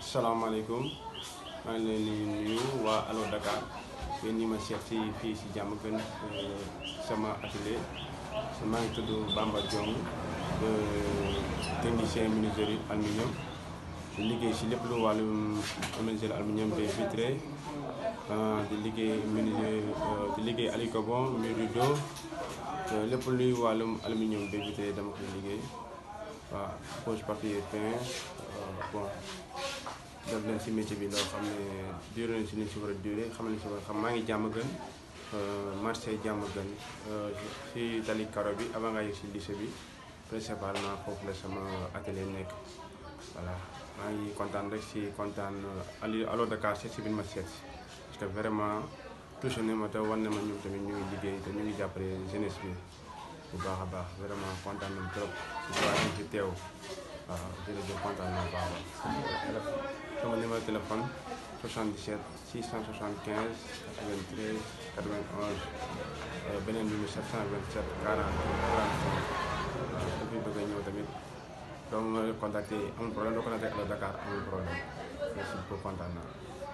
assalamu alaikum ane ni ñu wa alo dakar ñu ni ma fi ci jamm eh, sama atelier sama tuddu bamba jong de eh, technicien menuiserie aluminium Jadi liggéey ci lépp lu wàllu aluminium de vitré di liggéey menuiserie di liggéey alicobon mi rideau lépp luy wàllum aluminium de vitré dama koy poche papier peint euh, bon def nañ si métier bi loo xam ne duré nañ si li si war a duré xam nañ si war a xam maa ngi jàmm gën euh, marché jàmm gën si euh, tali karo bi avant nga yëg si lycée bi principalement foofu la sama atelier nekk voilà maa ngi kontaan rek si kontaan Aliou Allo Dakar seet si bi ma seet parce que vraiment touché te wan na ma ñoom tamit ñu ngi liggéey te ñu ngi jàppale jeunesse bi bu baax a baax vraiment kontaan nañ trop ci teew waaw jërëjëf kontaan naa baax a baax. sama numéro téléphone 77 675 93 91 beneen bi mu 727 40 35 waaw ku fi bëgg a ñëw tamit doo ma contacter amul problème doo contacter ak Dakar amul problème merci beaucoup kontaan naa.